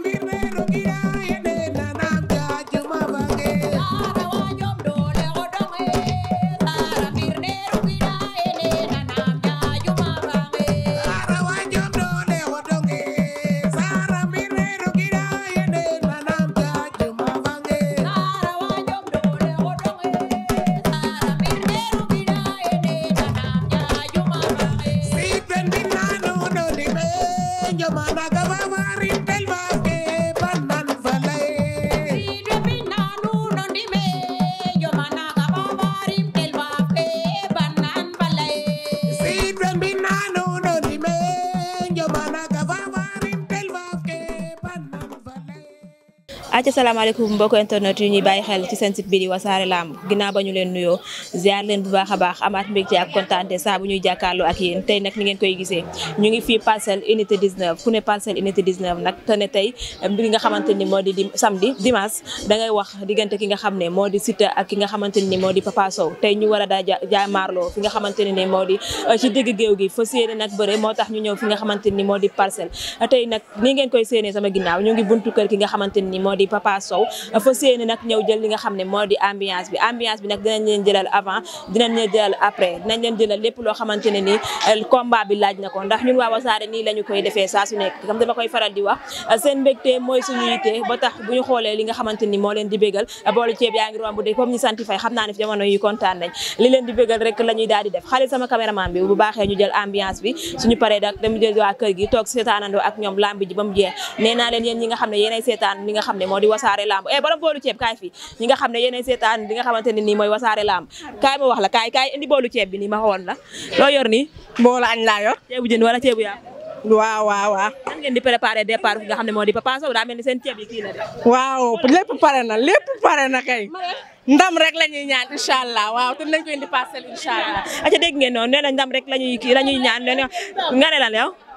mbir mi acca salaamaaleykum mbokk internet yu ñuy bàyyi xel ci seen site bi di wasaare lamb ginnaaw ba ñu leen nuyoo a baax amaat mbégte ak kontaante saa bu ñuy jàkkaarloo tey ni ngeen koy gisee ñu ngi fii parcelle unité 19 ku ne parcelle nga xamante moo di dimanche da wax diggante ki nga xam ne moo di Siteu ak ki nga xamante ni moo di Papa Sow tey ñu war a daa jaamaarloo fi nga ne moo di euh, ci digg géew gi fa séene nag bëre moo tax ñu ñëw fi nga xamante ni moo di parcelle tey nag ni ngeen koy séenee sama ginnaaw ñu ngi buntu kër ki nga xamante moo di Papa Sow fa séeni nag ñëw jël li nga xam ne moo di ambiance bi ambiance bi suñu paree dak jël waa kër gi toog seetaanandoo ak ñoom lamb ba mu jeex leen yéen ñi nga xam ne yéenay seetaan li nga xam ne moo di wasaare lamb eh borom boolu ceeb kaay fii ñi nga xam ne seetaan li nga xamante ne nii mooy wasaare lamb kaay ma wax la kaay kaay indi boolu ceeb bi nii ma xawoon la loo yor nii boolu añ laa yor ceebu jën wala ceebu yaa waaw waaw waaw nan ngeen di préparé départ nga xam ne moo di Papa Sow daa pare na lépp pare na kay ndam rek la ñuy ñaan incha allah waaw te nañ ko indi parcelle incha allah aca dégg ngeen noonu nee ndam rek la ñuy kii la ñuy ñaan leen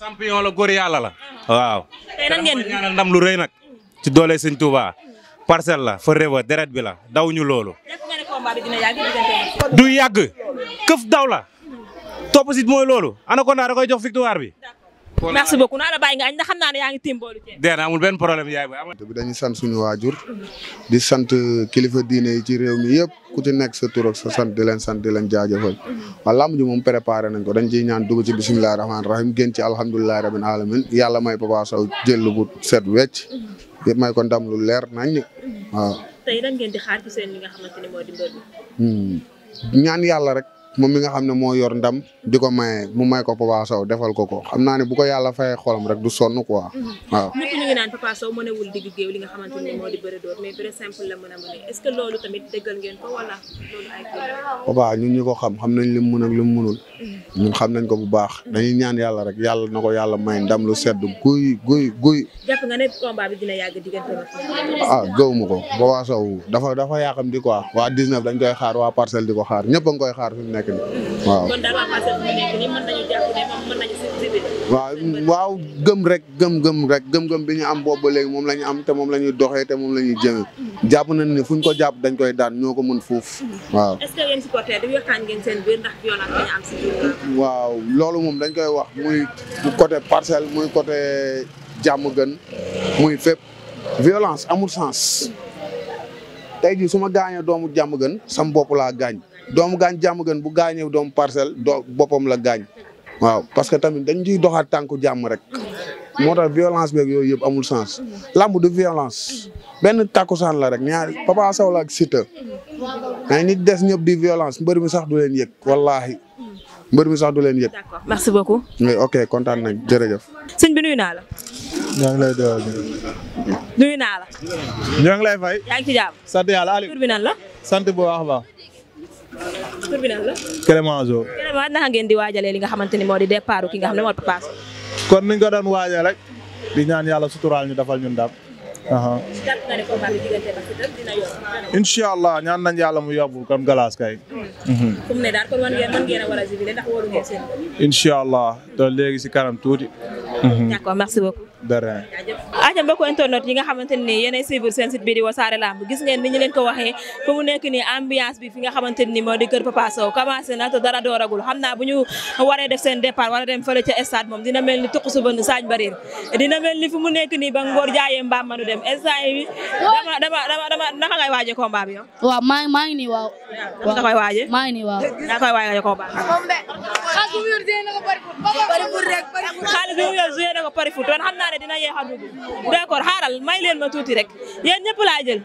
champion la góor yàlla la. waaw. tey lu rëy nag. ci doole sëñ Touba. la fa réewa deret bi la daw ñu loolu. du yàgg këf daw la. topp si mooy loolu Anaconda da koy jox victoire bi. merci beaucoup naa la bàyyi nga añ ndax xam yaa ngi tiim boolu ceeb. benn problème yaay booy. bi dañuy sant suñu waajur di sant kilifa diine yi ci réew mi yëpp ku ci nekk sa tur ak sa sant di leen sant di leen jaajëfal. waaw làmb moom préparé nañ ko dañ ciy ñaan dugg ci bisimilah rahmaani rahim génn ci alhamdulilah rabbil alamin yàlla may Papa Sow jël bu set wecc. yëpp may ko ndam leer nañ waaw. Hmm. ñaan yàlla rek. moom mi nga xam ne moo yor ndam diko ko maye mu may ko Papa Sow defal ko ko xam naa ne bu ko yàlla fayee xolam rek du sonn mhm. ko wala loolu ay Papa ñun ñu ko xam nañ li mën li mënul. Mhm. xam nañ ko bu baax. dañuy ñaan yàlla rek yàlla na ko yàlla may ndam lu sedd guy guy guy. jàpp nga ne ah, ko Papa Sow dafa dafa yaakam di quoi waa 19 dañ koy xaar waa parcelle di ko xaar ñëpp a koy xaar fi mu nekk waaw. gëm rek gëm gëm rek gëm bi ñu am boobu ba léegi moom la ñu am te moom lañuy doxee te moom la ñuy jëmee. jàpp nañ ni fuñ ko jàpp dañ koy daan ñoo ko mën foofu waaw. loolu moom dañ koy wax muy côté parcelle muy côté jàmm gën muy fépp violence amul sens. tey jii su ma gaañee doomu jàmm gën sam bopp laa gaañ. doomu gaañ jàmm gën bu gaañee doomu parcelle doo boppam la gaañ waaw parce que tamit dañ ciy doxaat tànku jàmm rek moo tax violence beeg yooyu yëpp amul sens làmb du violence benn takkusaan la rek ñaar Papa Sow la ak Siteu mais nit des ñëpp di violence mbër mi sax du leen yëg wallaahi mbër mi sax du leen yëg. d'accord merci beaucoup. ok kontaan nañ jërëjëf. sëñ bi nuyu naa la. ñoo ngi lay la. ñoo ngi lay fay. yaa ngi ci jàmm. sant yàlla tur bi nan di waajalee li nga xamante ni moo di départ ki nga xam ne moo di Papa kon ni ñu ko doon waajal rek di ñaan yàlla suturaal ñu defal ñun ndam. incha ñaan nañ yàlla mu yóbbu kon galaas kay. Mhm. fu mu ne daal kon wan ngeen mën ngeen a war a jubile si kanam tuuti. Mhm. merci beaucoup. de rien. aja mbokku internet yi nga xamante ni yéenay suivre seen site bi di wasaare lamb gis ngeen ni ñu leen ko waxee fu mu nekk ambiance bi fi nga xamante ni di kër Papa Sow na te dara dooragul xam naa bu ñu waree def seen départ wala dem fële ca stade moom dina mel ni tuq suba bariir dina mel ni fu mu nekk nii ba ngoor manu dem stade dama naka ngay waajee combat bi yow. waaw maa maa waaw. waaw nga koy waajee. maa ngi nii waaw. mu yor pare dina yeex a dugg xaaral may leen ma tuuti rek yéen ñëpp laa jël.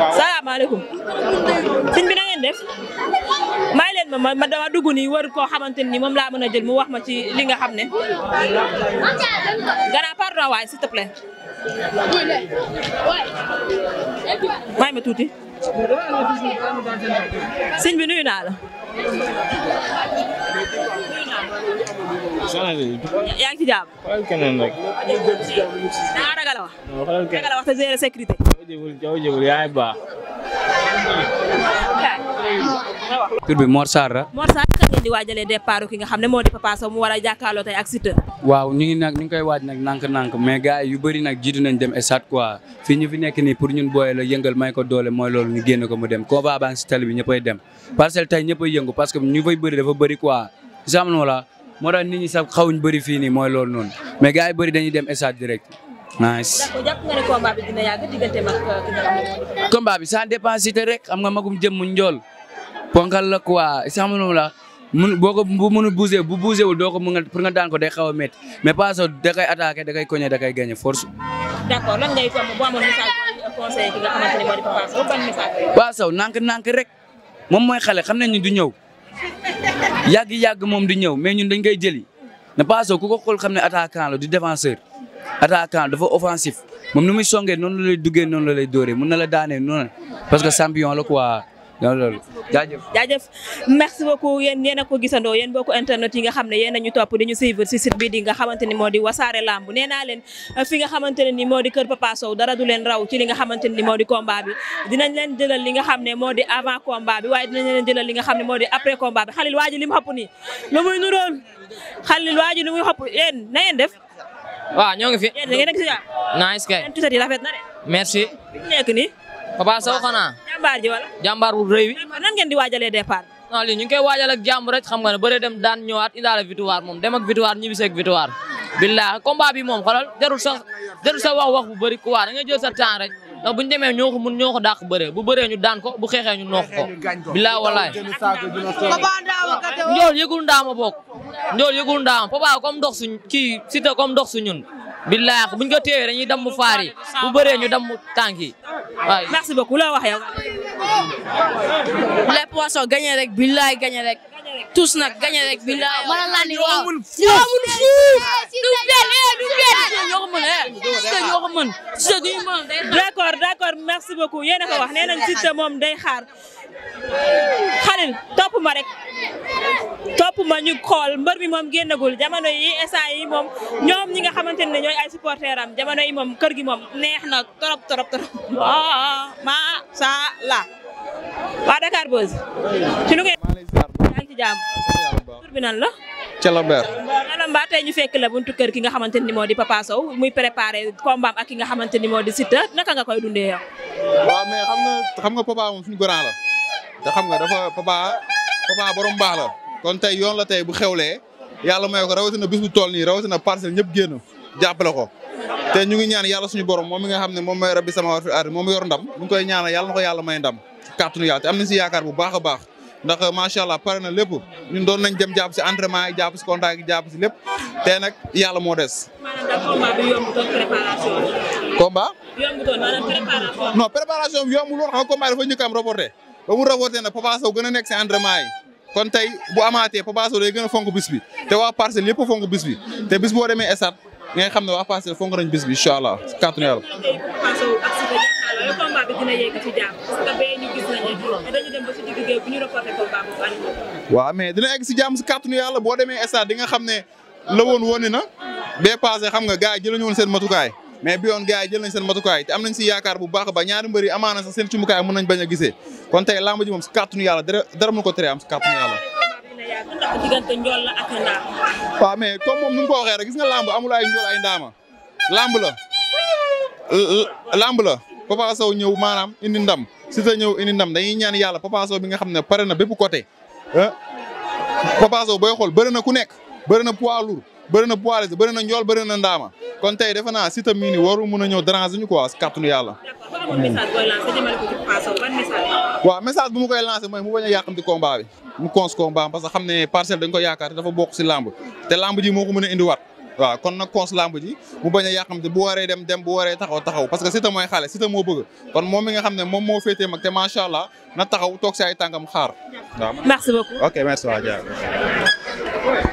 waaw salaamaaleykum. sëñ bi na ngeen may leen ma ma dama dugg nii wër koo xamante ni moom laa mën a jël mu wax ma ci li nga xam ne. gannaaw pardon waay s'il te plaît. may ma tuuti. sëñ bi nuyu naa la. yaa ngi ci jàmm. xoolal keneen rek. da ngaa ragal a wax. a wax te gérer sécurité. yaay baax. tur bi Mor Sarr la. Mor Sarr kan ngeen ki nga xam ne moo di Papa Sow mu war a jàkkaarloo tey ak Siteu. waaw ñu ngi nag ñu ngi koy waaj nag nànk-nànk mais gars yi yu bëri nag jiitu nañ dem stade quoi fii ñu fi nekk nii pour ñu booyee la yëngal may ko doole mooy loolu ñu génne ko mu dem combat baa ngi si tali bi ñëppay dem parcelle tey ñëppay yëngu parce que fay bëri dafa bëri quoi. moo tax nit ñi sax xawuñ bëri fii nii mooy loolu noonu mais gars yi bëri dañuy dem stade direct. nice d'accord jàpp nga bi dina yàgg diggante euh, rek xam nga magum jëm mu njool ponkal la quoi isam moom la mun boo ko bu mënul bougé bu bougé wul doo ko mun nga pour nga daan ko day xaw a métti mais pas so da koy attaqué da koy cogné da koy gagné force. d'accord lan ngay boo rek moom mooy xale xam nañ ni du ñëw. yàgg-yàgg moom di ñëw mais ñun dañ koy jëli ne Paso ku ko xool xam ne attaquant la du défenseur attaquant dafa offensif moom ni muy songee noonu la lay duggee noonu la lay dóoree mun na la daanee noonu parce que champion la quoi. loolu jaajëf jaajëf merci beaucoup yéen yéen a ko gisandoo yéen bokk internet yi nga xam ne yéen a ñu topp di ñu suivre si site bi nga xamante ni moo di wasaare lamb nee naa leen fi nga ne ni moo di kër Papa Sow dara du leen raw ci li nga xamante ne ni moo di combat bi dinañ leen jëlal li nga xam ne moo di avant combat bi waaye dinañ leen jëlal li nga xam ne moo di après combat bi xalil waa ji li mu xëpp nii lu muy nuróol xalil waa li muy xëpp yéen na ngeen def waaw ñoo ngi fi yéen da ngeen nekk si jàmm nice kay tuset yi na de merci nekk ni Papa Sow xanaa jàmbaar ji wala. jàmbaar bu rëy wi. nan ngeen di waajalee départ. non lii ñu ngi koy waajal ak jàmm rek xam nga ne bëre dem daan ñëwaat indaale victoire moom dem ak victoire ñibbisi ak victoire. billahi bi moom xoolal jarul wax wax bu bëri quoi da nga jël sa temps rek ndax bu ñu demee mun ñoo ko dàq bu bëree daan ko bu xeexee ñu ko. billahi wallahi. njool yëgul ndaama bokk. njool yëgul ndaama papa comme ndox suñ kii Siteu comme ndox su billaahi buñ ko téewee dañuy dammu faar mu bu bëree ñu damm tànk yi waaw merci beaucoup loo wax yow. les poissons gagné rek billaahi gagné rek. tous nag gañe rek bi la wala la ni waaw ñoo amul fuuf du benn du benn ñoo ko mën Siteu ñoo ko mën Siteu duñu mën day xaar d'accord d'accord merci beaucoup yéen a ko wax nee nañ Siteu moom day xaar Xalil topp ma rek topp ma ñu xool mbër mi moom génnagul jamono yi instant yi moom ñoom ñi nga xamante ne ñooy ay supporters am jamono yi moom kër gi moom neex na torop torop torop maa sha Allah waa Dakar Buzz ci lu ngeen jàmm. tur bi la. Calambert. Calambert ñu fekk la buntu kër ki nga xamante ni moo di Papa Sow muy préparé combat ak ki nga xamante ni moo di Siteu naka nga koy dundee yow. waaw mais xam nga xam nga Papa moom suñu la. te xam nga dafa Papa Papa borom baax la. kon tey yoon la tey bu xewlee. yàlla may ko rawatina bis bu toll nii rawatina parcelle ñëpp génn ko. te ñu ngi ñaan yàlla suñu borom moom mi nga xam ne moom mooy rabbi sama war fi aar moom yor ndam mu koy ñaanal yàlla na ko yàlla may ndam kàttanu yàlla te am nañ si yaakaar bu baax a baax ndax macha allah pare na lépp ñun doon nañ dem jàpp si entraînement yi jàpp si contact yi jàpp si lépp te nag yàlla moo des. komba non préparation bi yombul woon xam nga combat dafa njëkk am reporté ba mu reporté na Papa Sow gën a nekk si entraînement yi. kon tey bu amaatee Papa Sow day gën a fonk bi te waa parcelle yëpp a fonk bis bi te bis boo demee esat ngay xam ne wa parcelle fonk nañ bis bi incha allah kàttanu dañu dem waaw mais dina egg si jàmm si kàttanu yàlla boo demee stade di nga xam ne la won wone na bee passé xam nga gars yi jëlañu woon seen matukaay mais bi yoon gars yi jël nañ seen matukaay te am nañ si yaakaar bu baax ba ñaari mbër yi amaana sax seen cumukaay mën nañ bañ a gisee kon tey làmb ji moom si kàttanu yàlla dara dara ko tere am si kàttanu yàlla waaw mais comme moom nu ko waxee rek gis nga làmb amu ay njool ay ndaama làmb la Papa Sow ñëw maanaam indi ndam Siteu ñëw indi ndam dañuy ñaan yàlla Papa Sow bi nga xam ne pare na bépp côté ah Papa Sow booy xool bëri na ku nekk bëri na poids lourd bëri na poids léger bëri na njool bëri na ndaama kon tey defe naa Siteu mii nii warul mun a ñëw déranger ñu ko si kàttanu yàlla. waaw message bu mu koy lancé mooy mu bañ a yàqamti combat bi mu cons combat parce que xam ne parcelle dañ ko yaakaar dafa bokk si lamb te lamb ji moo ko mën a indiwaat waaw kon na cons lamb ji mu bañ a yàqamte bu waree dem dem bu waree taxaw taxaw parce que Siteu mooy xale Siteu moo bëgg kon moom mi nga xam ne moom moo féetee mag te macha allah na taxaw toog si ay tàngam xaar waaw. merci beaucoup ok merci waa jaajëf.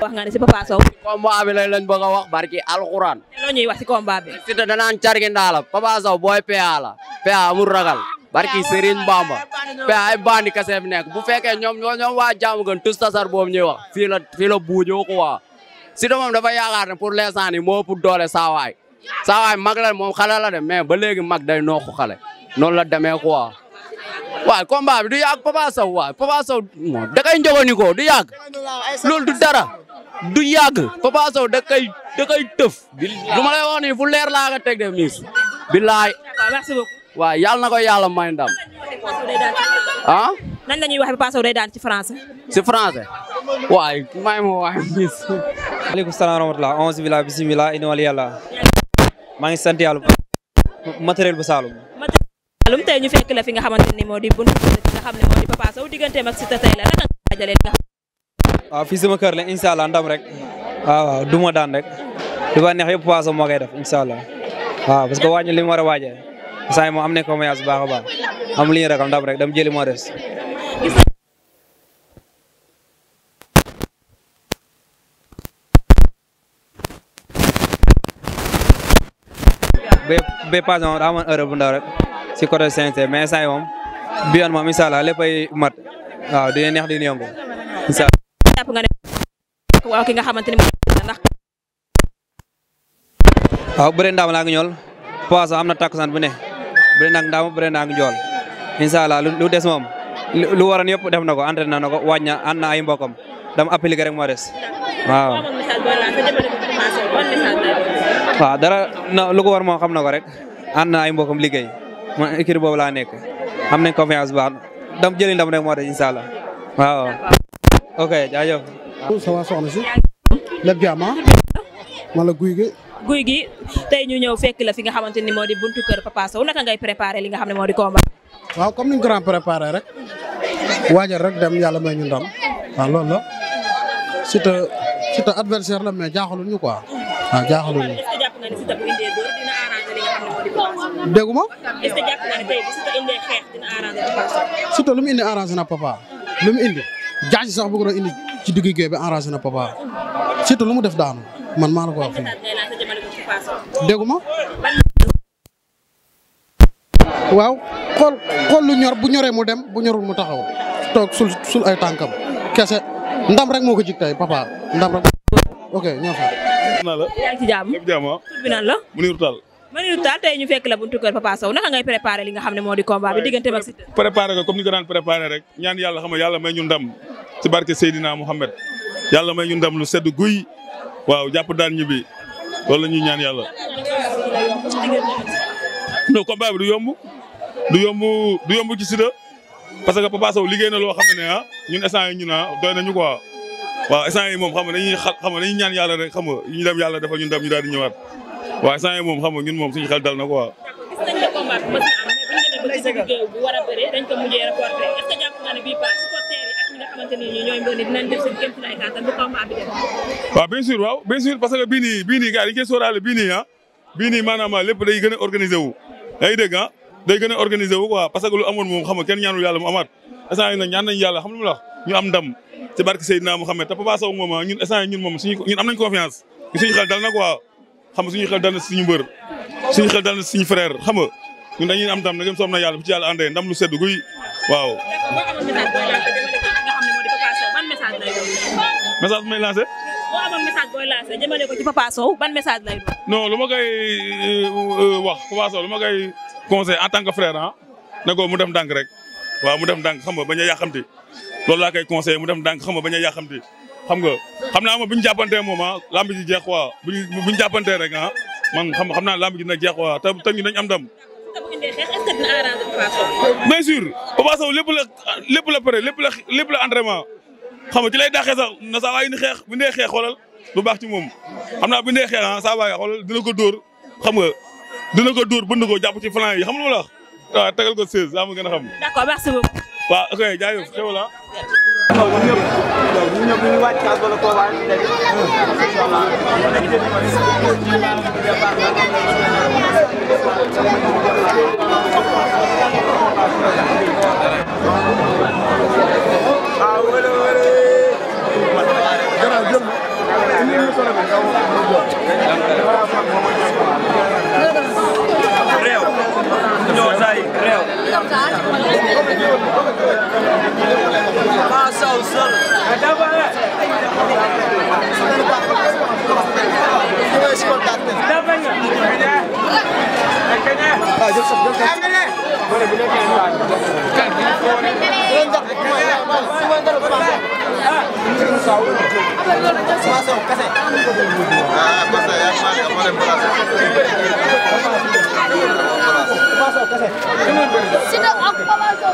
wax nga ne si Papa Sow. combat bi a bi. la Papa Sow ragal. barki Serigne Bamba pa ay bandi kese fi nekk bu fekkee ñoom ñoo ñoom waa jaamu gën tous tasar boobu ñuy wax fii la fii la buujoo Siteu moom dafa yaakaar ne pour l'instant nii moo ëpp doole saawaay saawaay mag la moom xale la de mais ba léegi mag day nooxu xale noonu la demee quoi. waaw combat bi du yàgg Papa Sow waaw Papa Sow ko du yàgg loolu du dara du yàgg Papa Sow tëf. lu ma lay fu leer laa nga teg de miis. billaay waaw na ko yàlla may ndam ah. nan la ñuy waxee Papa Sow day daan ci français. ci français. waay may ma waay miis. maaleykum salaam wa rahmatulah onze bila bisimilah inna wali maa ngi sant yàlla. matériel bu Saloum. matériel bu Saloum tey ñu fekk la fi ne moo di buntu bi xam ne moo di Papa Sow digganteem ak Siteu tey la naka nga sama kër la incha ndam rek. waaw waaw du ma daan rek. li ba neex yëpp Papa Sow moo koy def incha waaw parce que wàññi li mu war a waajee. saa yi moom am nañu ko moyage bu baax a baax am li rek dam jëli moo des. ba passé moom daa amoon erreur bu rek si côté CNC mais saa yi moom bi yoon moom incha allah léppay mat waaw dina neex dina yomb incha allah. nga xamante ni ndax. waaw bëre ndaam na takkusaan bu ne bëre nag ndaam lu des moom lu waroon yëpp def na ko entraîné na ko wàññi na ànd na ay mbokkam rek moo des waaw. waaw dara na lu ko war moo xam na ko rek ànd na ay mbokkam liggéey man équipe boobu laa nekk am nañ confiance bu baax dam jëli ndam rek moo tax incha allah waaw. ok jaajëf. ça va soxna si. lépp jaam man guy gi. guy gi tey ñu ñëw fekk la fi nga xamante ni moo di buntu kër Papa Sow naka ngay préparé li nga xam ne moo di combat. waaw comme ni ñu ko préparé rek waajal rek dem yàlla may ñu ndam waaw loolu la surtout surtout adversaire la mais jaaxaluñu ñu quoi waaw nga ne déggu ma. est lu mu indi arrangé na Papa. lu mu indi jaaj sax bu indi ci digg géej bi arrangé na Papa. Siteu lu mu def daanu man maa la ko wax fii. ma. waaw xool lu ñor bu ñoree mu dem bu ñorul mu taxaw toog sul sul ay tànkam kese ndam rek moo ko jig Papa ndam rek ok ñoo fa naa la yaa ngi ci jàmm lépp jàmm ah. tur bi nan a Mounirou Tall Mounirou Tall tey ñu fekk la buntu kër Papa Sow naka ngay préparé li nga xam ne moo di combat bi diggante ak Siteu préparé ko comme ni ko daan préparé rek ñaan yàlla xam yàlla may ñu ndam ci barke Seydina Mouhamed yàlla may ñu ndam lu sedd guy waaw jàpp daan ñibbi loolu ñuy ñaan yàlla non combat du yomb du yomb du yomb ci Siteu parce que Papa Sow liggéey na loo xam ne ne ah ñun instant yi na doy nañu quoi waaw instant yi moom xam nga dañuy xam nga dañuy ñaan yàlla rek xam dem yàlla defal ñun dem ñu daal di ñëwaat waaw instant yi xam nga ñun moom suñu xel dal na quoi. waaw bien sûr waaw bien sûr parce que bii nii bii nii gars yi dañu koy sóoraale bii i ah bii nii maanaam lépp gën a organiser wu. yaa ngi dégg ah day gën a organiser wu quoi parce que lu amoon moom xam kenn ñaanul yàlla mu amaat instant yi nag ñaan nañu yàlla xam lu mu la ñu am ndam ci barke Seydina Mouhamed te Papa Sow moom ñun instant yi ñun moom suñu ñun am nañ confiance suñu xel dal na quoi xam nga suñu xel dal na suñu mbër suñu xel suñu frère xam nga ñun am ndam na yàlla bu ci yàlla àndee ndam lu sedd guy waaw message bu may lancé boo amoon message booy lancé jëmale ko lu ma koy euh, euh, wax Papa lu ma koy conseil en tant que frère ah ne ko mu def ndànk rek waaw mu def ndànk xam nga bañ a yàqamti loolu laa koy conseillé mu def ndànk xam nga bañ a yàqamti xam nga xam naa ma bu ñu jàppantee moom ah lamb ji jeex waa bu ñu rek ah man xam xam naa lamb dina jeex waa te te dañ am ndam. bien sûr lépp la lépp la pare lépp la lépp la entraînement xam nga ci lay daaxee sax na saa waay indi xeex bu ndee xeex xoolal lu baax ci moom xam naa bu ndee xeex ah saa waay xoolal dina ko dóor xam nga dina ko dóor bënd ko jàpp ci flanc yi xam nga lu waaw tegal ko 16 daa ma gën a xam. d'accord merci beaucoup. waaw ok jaajëf xew la. waaw ñun ñëpp ñun ñëpp ñu ngi wàcc kaas wala koo waaye ñu nekk incha allah waaw wala wala Sino ang pamasaw?